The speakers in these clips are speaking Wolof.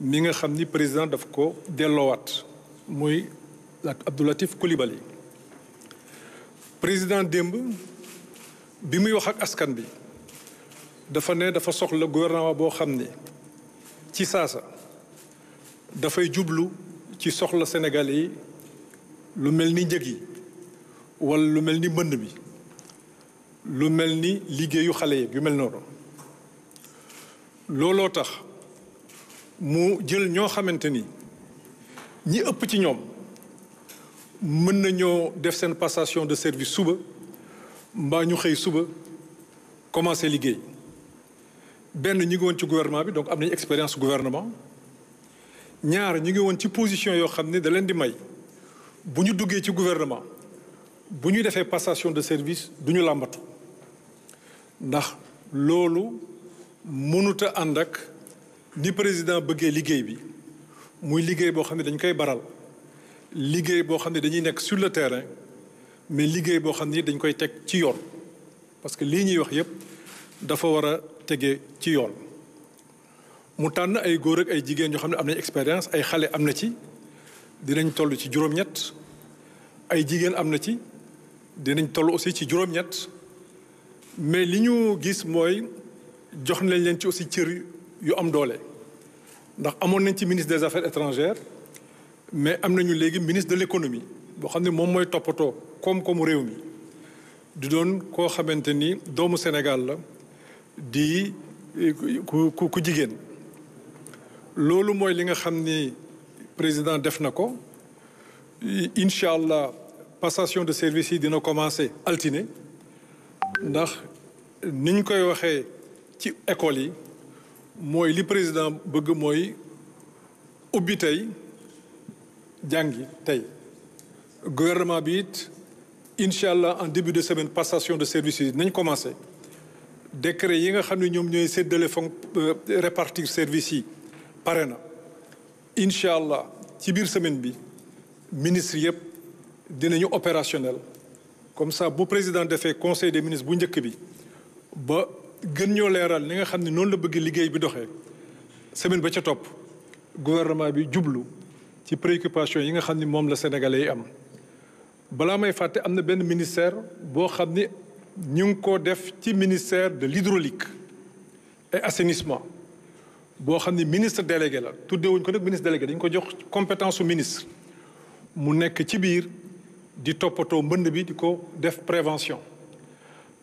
mi nga xam ni président daf ko delloowaat muy Abdou Latif Coulibaly président démb bi muy wax ak askan bi dafa ne dafa soxla gouvernement boo xam ne ci saasa dafay jublu ci soxla Sénégal yi lu mel ni njëg yi wala lu mel ni mbënd bi lu mel ni liggéeyu xale yi yu mel noonu looloo tax mu jël ñoo xamante ni ñi ëpp ci ñoom mën nañoo def seen passation de service suba mbaa ñu xëy suba commencé liggéey benn ñu ngi woon ci gouvernement bi donc am nañ expérience gouvernement ñaar ñu ngi woon ci position yoo xam ne da leen di may bu ñu duggee ci gouvernement bu ñu defee passation de service duñu lambatu ndax loolu mënuta ànd ak di président bëggee liggéey bi muy liggéey boo xam ne dañ koy baral liggéey boo xam ne dañuy nekk sur le terrain mais liggéey boo xam ne dañ koy teg ci yoon parce que lii ñuy wax yépp dafa war a tege ci yoon mu tànn ay góor ak ay jigéen ñoo xam ne am nañ expérience ay xale am na ci dinañ toll ci juróom-ñett ay jigéen am na ci dinañ toll aussi ci juróom-ñett mais li ñu gis mooy jox nañ leen ci aussi cër yu am doole ndax amoon ci ministre des affaires étrangères mais am nañu ministre de l'économie boo xam ne moom mooy toppatoo koom-koomu réew mi di doon koo xamante ni doomu Sénégal la di ku ku ku jigéen loolu mooy li nga xam ni président def na ko incha passation de service yi dina commencer altine ndax niñ koy waxee ci école yi moy li président bëgg moy ubbi tey jàngi tey gouvernement bi it en début de semaine passation de services yi nañ commencé décret yi nga xamni ñom ñoy sédélé répartir fon euh, répartir services yi paréna inshallah ci bir semaine bi ministre yépp dinañu opérationnel comme ça bu président le conseil des ministres bu njëkk bi ba gën ñoo leeral ni nga xam ne noonu la bëgg liggéey bi doxee semaine ba ca topp gouvernement bi jublu ci préoccupation yi nga xam ni moom la sénégalais yi am balaa may fàtte am na benn ministère boo xam ni ñu ngi ko def ci ministère de l'hydraulique et assainissement boo xam ni ministre délégué la tuddewuñ ko nag ministre délégué dañ ko jox compétence su ministre mu nekk ci biir di toppatoo mbënd bi di ko def prévention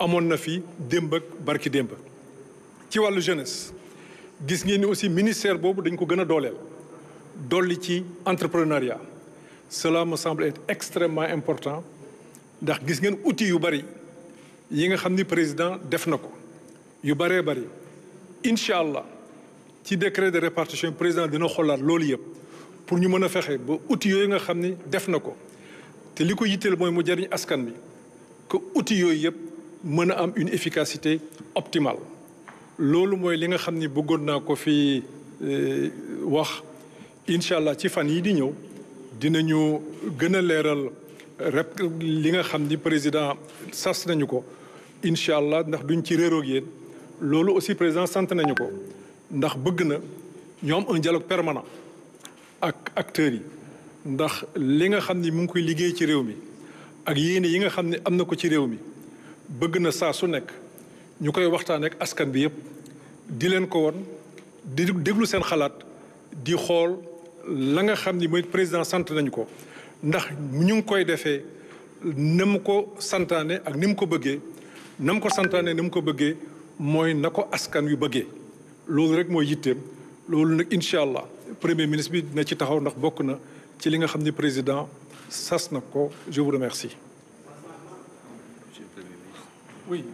amoon na fi démb barki démb ci walu jeunesse gis ngeen aussi ministère bobu dañ ko gëna dolel doli ci entrepreneuriat cela me semble être extrêmement important ndax gis ngeen outil yu bari yi nga xamni président def nako yu bari bari inshallah ci décret de répartition président dina xoolaat loolu yëpp pour ñu mëna fexé ba outil yoy nga xamni def nako té liko yittel moy mu jarign askan bi que outil yoy yëpp mën a am une efficacité optimal loolu mooy li nga xam ni bëggoon naa ko fi euh, wax incha allah ci fan yii di ñëw dinañu gën a leeral rep li nga xam ni président sas nañu ko incha allah ndax duñ ci réeroog yéen loolu aussi président sant nañu ko ndax bëgg na ñoom am un dialogue permanent ak acteurs yi ndax li nga xam ni mu ngi koy liggéey ci réew mi ak yéene yi nga xam ne am na ko ci réew mi bëgg na saa su nekk ñu koy waxtaan ak askan bi yépp di leen ko won di déglu seen xalaat di xool la nga xam ni mooy président sant nañu ko ndax ñu ngi koy defee na mu ko santaane ak ni mu ko bëggee na mu ko santaane ni mu ko bëggee mooy na ko askan wi bëggee loolu rek mooy yitteem loolu nag incha allah premier ministre bi dina ci taxaw ndax bokk na ci li nga xam ni président sas na ko je vous remercie Oui,